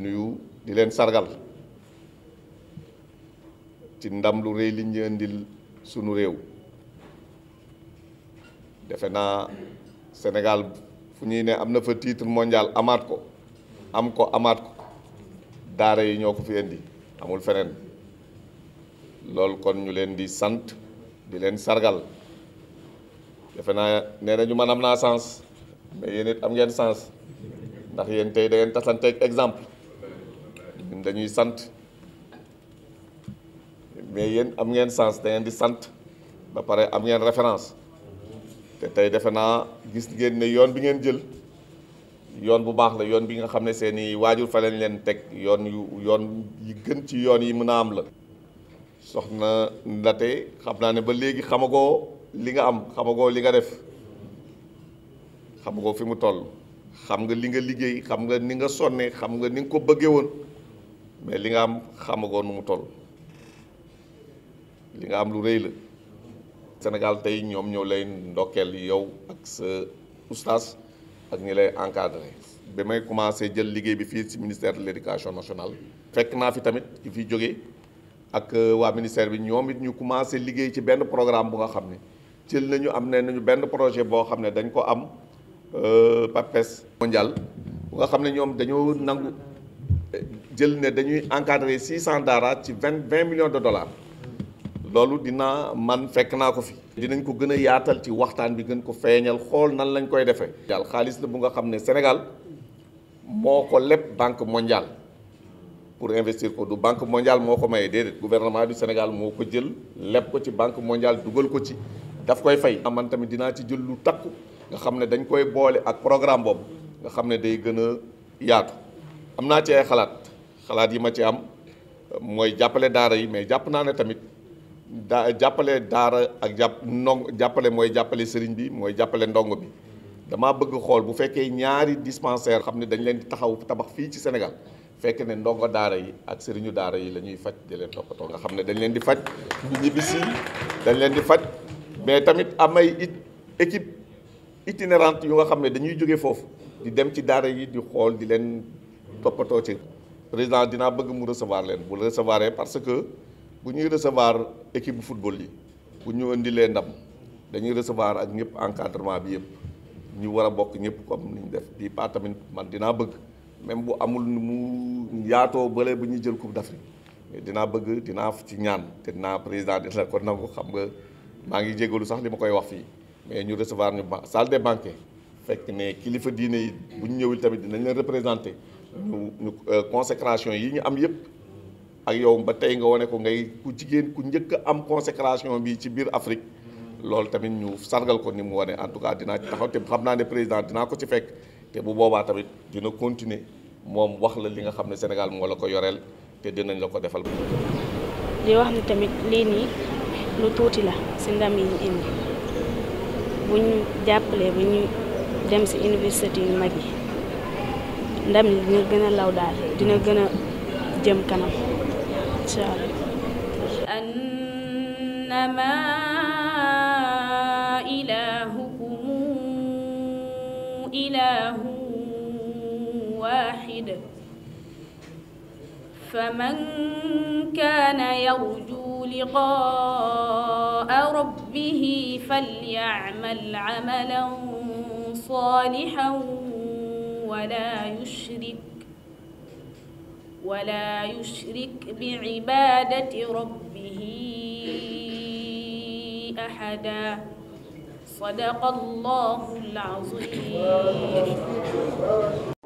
nuyu di len sargal ci ndam lu rëy li ñu indil sunu réew defe naa Sénégal fu ñuy ne am na fa titre mondial amaat ko am ko ko daara yi fi indi amul feneen lol kon ñu di sant di len sargal defena naa nee nañu man amgen sans sens mais yéen it am ngeen sens ndax da ngeen exemple ñun dañuy sant mais yéen am ngeen sens da di sant ba pare am ngeen référence te tey defe naa gis ngeen ne yoon bi ngeen jël yoon bu baax la yoon bi nga xam ne seeni waajur fa lañ leen teg yoon yu yoon yi gën ci yoon yi mën a am la soxna Ndate xam naa ne ba léegi xamagoo li nga am xamagoo li nga def xamagoo fi mu toll xam nga li nga liggéey xam nga ni nga sonne xam nga ni nga ko bëggee woon mais li nga am xamagoo nu mu toll li nga am lu rëy la Sénégal tey ñoom ñëw lay ndokkeel yow ak sa oustaz ak ñi lay encadré ba may commencé jël liggéey bi fii si ministère de l' éducation nationale fekk naa fi tamit ki fi jóge ak euh, waa ministère bi ñoom it ñu commencé liggéey ci benn programme bu nga xam ne jël nañu am ne nañu benn projet boo xam ne dañ ko am euh, PAPES mondial bu nga xam ne ñoom dañoo nangu jël ne dañuy encadrer 600 daara ci 20 20 millions de dollars lolou dina man fekk naa ko fi. dinañ ko gëna yaatal ci waxtaan bi gën ko feeñal xol nan lañ koy défé yal xaalis la bu nga xamné Sénégal moko lepp banque mondiale pour investir ko du banque mondiale moko ko mayee gouvernement du Sénégal moko ko jël leb ko ci banque mondiale duggal ko ci daf koy fay. man tamit dina ci jël lu takku nga xamné dañ koy bolé ak programme bob nga xamné day gëna yaatu amna ci ay xalaat. xalaat yi ma ci am mooy jàppale daara yi mais jàpp naa ne tamit da jàppale daara ak jàpp ndong jàppale mooy jàppale sëriñ bi mooy jàppale ndongo bi damaa bëgg xool bu fekkee ñaari dispensaire xam ne dañu leen di taxaw tabax fii ci Sénégal fekk ne ndongo daara yi ak sëriñu daara yi la ñuy faj di leen toppatoo nga xam ne dañ leen di faj ñu dañ leen di faj mais tamit amay it équipe itinérante yu nga xam ne dañuy jóge foofu di dem ci daara yi di xool di leen toppatoo ci président dinaa bëgg mu recevoir leen bu recevoir parce que bu ñuy recevoir équipe bu football yi bu ñu indilee ndam dañuy recevoir ak ñëpp encadrement bi yëpp ñu war a bokk ñëpp comme ni ñu def bii pas tamit man dinaa bëgg même bu amul mu yaatoo bële bu ñuy jël coupe d'Afrique mais dinaa bëgg dinaa ci ñaan te dinaa président dina ko nangu xam nga maa ngi jégalu sax li koy wax fii mais ñu recevoir ñu salle des banquets fekk ne kilifa diine yi bu ñëwul tamit dinañ leen représenter. ñu ñu euh, consécration yi ñu am yëpp ak yow ba tey nga wane ko ngay ku jigéen ku njëkk am consécration bi ci biir Afrique loolu tamit ñu sargal ko ni mu wane en tout cas dina ci taxaw te xam naa ne président dinaa ko ci fekk te bu boobaa tamit dina continuer moom wax la li nga xam ne Sénégal moo la ko yoreel te dinañ la ko defal. di wax ni tamit lii nii lu tuuti la si ndam yi ñu indi bu ñu jàppalee bu ñu dem si université yu mag yi. ndam ni dina gëna law daal dina gëna jëm kanam incha أنما إلهكم إله واحد فمن كان يرجو لقاء ربه فليعمل عملا صالحا ولا يشرك ولا يشرك بعبادة ربه أحدا صدق الله العظيم